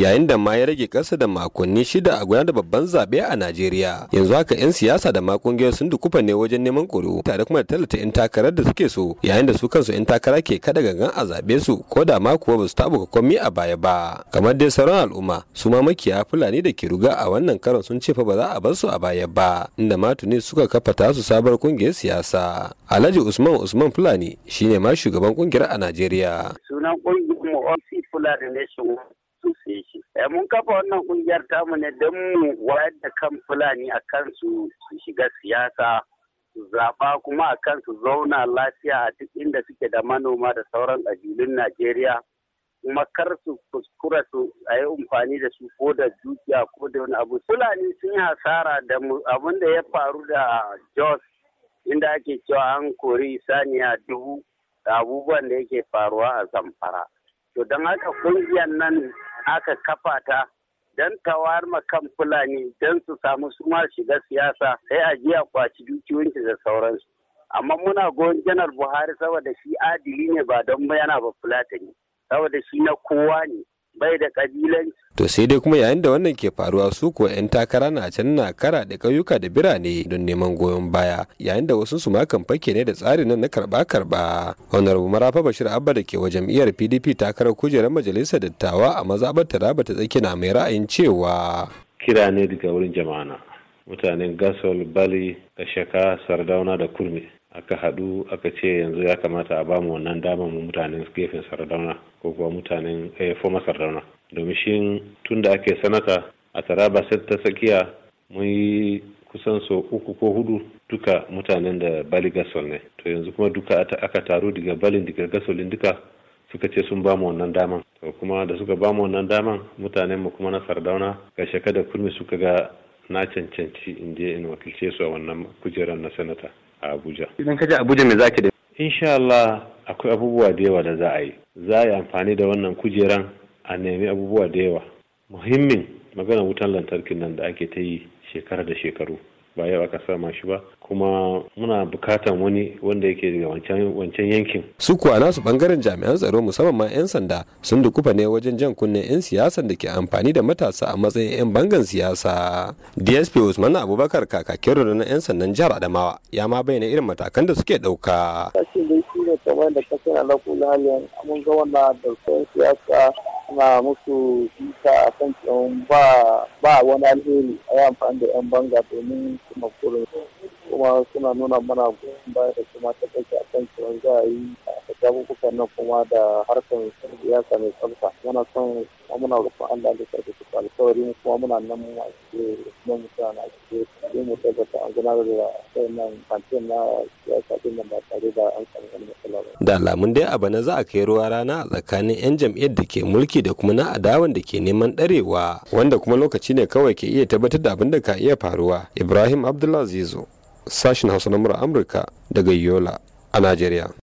yayin da ma ya rage ƙasa da makonni shida a gudanar da babban zaɓe a Najeriya. Yanzu haka 'yan siyasa da makungiyar sun dukufa ne wajen neman ƙuri'u tare kuma da tallata 'yan takarar da suke so yayin da su kansu 'yan takara ke kada gangan a zaɓe su ko da ma kuwa ba su taɓa komi a baya ba. Kamar dai sauran al'umma su ma makiya Fulani da ke ruga a wannan karon sun ce fa ba za a bar su a baya ba inda ma tuni suka kafa tasu sabar kungiyar siyasa. Alhaji Usman Usman Fulani shine ma shugaban kungiyar a Najeriya. Sunan kungiyar mu Fulani suse shi. Eh, mun kafa wannan kungiyar tamu ne don mu wayar da kan Fulani a kansu su shiga siyasa zaɓa kuma a kansu zauna lafiya a duk inda suke da manoma da sauran ƙabilun Najeriya. Kuma kar su kuskura su a yi amfani da su ko da dukiya ko da wani abu. Fulani sun yi hasara da abin da ya faru da Jos inda ake cewa an kori saniya dubu da abubuwan da yake faruwa a zamfara. To don haka kungiyar nan aka kafa ta don tawar kan fulani don su samu su ma shiga siyasa sai a jiya kwaci dukiyoyinki da sauransu amma muna goyon janar buhari saboda shi adili ne ba don yana ba fulatani saboda shi na kowa ne bai da kabilanci. To sai dai kuma yayin da wannan ke faruwa su kuwa 'yan takara na can na kara da ƙauyuka da birane don neman goyon baya yayin da wasu su ma kan fake ne da tsarin nan na karɓa-karɓa. Honorable Marafa Bashir Abba da ke wa jam'iyyar PDP takarar kujerar majalisar dattawa a mazaɓar Taraba ta tsaki na mai ra'ayin cewa. Kira ne daga wurin jama'a mutanen Gasol, Bali, Kashaka, Sardauna da Kurmi. aka haɗu aka ce yanzu ya kamata a bamu wannan damar mu mutanen gefen sardauna ko kuwa mutanen eh, foma sardauna domin shi tun da ake sanata a taraba set ta tsakiya mun yi kusan so uku ko hudu duka mutanen da bali gasol ne to yanzu kuma duka aka taru daga balin daga gasolin duka suka ce sun bamu wannan daman to kuma da suka bamu wannan daman mutanen mu kuma na sardauna ga kada kurmi suka ga na cancanci in je in wakilce su a wannan kujerar na sanata a Abuja. Idan ka je Abuja me zaki da? Insha Allah akwai abubuwa da yawa da za a yi. Za a yi amfani da wannan kujeran a nemi abubuwa da yawa. Muhimmin maganar wutan lantarkin nan da ake ta yi shekara da shekaru. ba yau aka sama shi ba kuma muna bukatan wani wanda yake daga wancan yankin su kuwa nasu bangaren jami'an tsaro musamman ma 'yan sanda sun dukufa ne wajen jan kunnen 'yan siyasan da ke amfani da matasa a matsayin 'yan bangan siyasa dsp usman abubakar kakakin rundunar 'yan sandan jihar adamawa ya ma bayyana irin matakan da suke ɗauka. kamar da kasar alaƙul halin mun ga wannan da siyasa suna musu bisa a kan ba ba wani alheri a yi amfani da 'yan banga domin kuma kuma suna nuna mana kwanakin baya da kuma ta ɗauke a kan cewa za a yi a jabukukan nan kuma da harkar siyasa mai tsafta muna son muna rufin Allah da sarki su alƙawari kuma muna nan mu a cikin kuma mutane a cikin mu tabbata an gudanar da wannan kamfen na siyasa din nan ba tare da an samu wani matsala ba. Da alamun dai a bana za a kai ruwa rana a tsakanin 'yan jam'iyyar da ke mulki da kuma na adawan da ke neman ɗarewa wanda kuma lokaci ne kawai ke iya tabbatar da abin da ka iya faruwa. Ibrahim abdullahi Zizo. Sashen hausa na mura amurka daga yola a najeriya